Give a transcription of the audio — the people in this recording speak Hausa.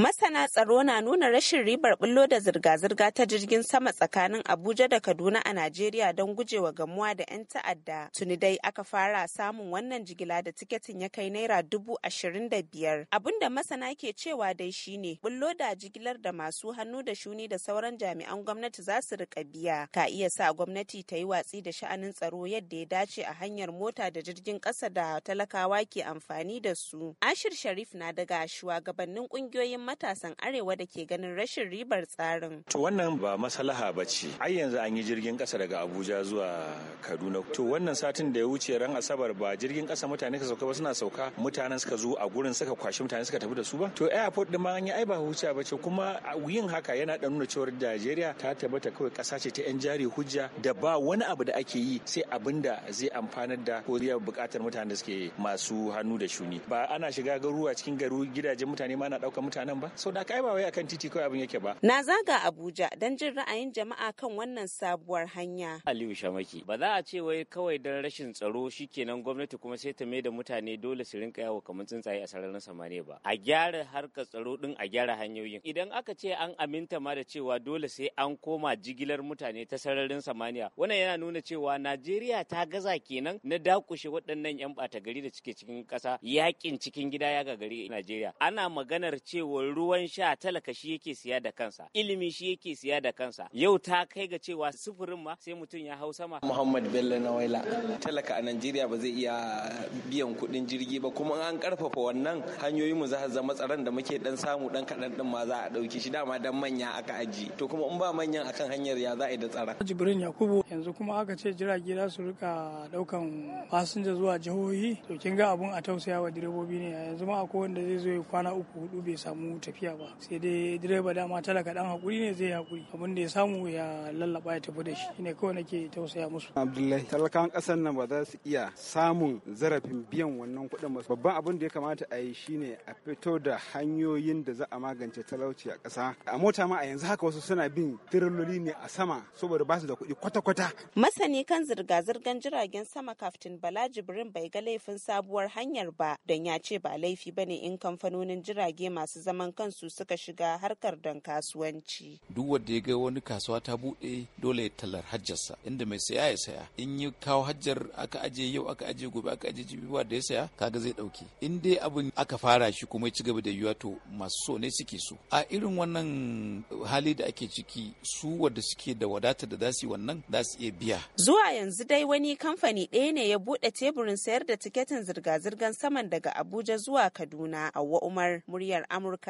Masana tsaro na nuna rashin ribar bullo da zirga-zirga ta jirgin sama tsakanin Abuja da Kaduna a Najeriya don gujewa gamuwa da 'yan ta'adda. Tuni dai aka fara samun wannan jigila da tiketin ya kai naira dubu ashirin da biyar. Abin da masana ke cewa dai shine bullo da jigilar da masu hannu da shuni da sauran jami'an gwamnati za su rika biya. Ka iya sa gwamnati ta yi watsi da sha'anin tsaro yadda ya dace a hanyar mota da jirgin ƙasa da talakawa ke amfani da su. Ashir Sharif na daga shugabannin ƙungiyoyin matasan arewa da ke ganin rashin ribar tsarin. To wannan ba maslaha ba ce. Ai yanzu an yi jirgin kasa daga Abuja zuwa Kaduna. To wannan satin da ya wuce ran Asabar ba jirgin kasa mutane ka sauka ba suna sauka mutanen suka zo a gurin suka kwashi mutane suka tafi da su ba. To airport din ma an yi ai ba huce ba ce kuma yin haka yana da nuna cewar Najeriya ta tabbata kawai kasa ce ta 'yan jari hujja da ba wani abu da ake yi sai abin da zai amfanar da ko zai buƙatar mutane da suke masu hannu da shuni. Ba ana shiga garuruwa cikin garu gidajen mutane ma na ɗaukar mutanen ba so da kai ba wai akan titi kawai abin yake ba na zaga Abuja dan jin ra'ayin jama'a kan wannan sabuwar hanya Aliyu Shamaki ba za a ce wai kawai dan rashin tsaro shikenan gwamnati kuma sai ta maida mutane dole su rinka yawo kamar tsuntsaye a sararin samaniya ba a gyara harkar tsaro din a gyara hanyoyin idan aka ce an aminta ma da cewa dole sai an koma jigilar mutane ta sararin samaniya wannan yana nuna cewa Najeriya ta gaza kenan na dakushe waɗannan 'yan ɓata gari da cike cikin ƙasa yakin cikin gida ya gagari Najeriya ana maganar cewa ruwan sha talaka shi yake siya da kansa ilimi shi yake siya da kansa yau ta kai ga cewa sufurin ma sai mutum ya hau sama Muhammad Bello na waila talaka a Najeriya ba zai iya biyan kuɗin jirgi ba kuma an karfafa wannan hanyoyin mu za zama tsaron da muke dan samu dan kaɗan din ma za a ɗauki shi dama dan manya aka aji to kuma in ba manyan akan hanyar ya za a yi da tsara Jibrin Yakubu yanzu kuma aka ce jirage za su rika daukan fasinja zuwa jihohi to kin ga abun a tausaya wa direbobi ne yanzu ma akwai wanda zai zo ya kwana uku hudu bai samu samu tafiya ba sai dai direba dama talaka dan hakuri ne zai hakuri abin da ya samu ya lallaba ya tafi da shi ne kawai nake tausaya musu abdullahi talakan kasar nan ba za su iya samun zarafin biyan wannan kuɗin ba babban abin da ya kamata a yi shine a fito da hanyoyin da za a magance talauci a ƙasa a mota ma a yanzu haka wasu suna bin tiriloli ne a sama saboda ba su da kuɗi kwata-kwata masani kan zirga zirgan jiragen sama kaftin bala jibrin bai ga laifin sabuwar hanyar ba don ya ce ba laifi bane in kamfanonin jirage masu zama zaman kansu suka shiga harkar don kasuwanci. Duk wanda ya ga wani kasuwa ta buɗe dole ya tallar hajjarsa inda mai saya ya saya in yi kawo hajjar aka aje yau aka aje gobe aka aje jibi ba da ya saya kaga zai ɗauke in dai abin aka fara shi kuma ya ci gaba da yiwuwa to masu so ne suke so a irin wannan hali da ake ciki su wanda suke da wadata da za su yi wannan za su iya biya. Zuwa yanzu dai wani kamfani ɗaya ne ya buɗe teburin sayar da tiketin zirga-zirgar saman daga Abuja zuwa Kaduna Hauwa Umar muryar Amurka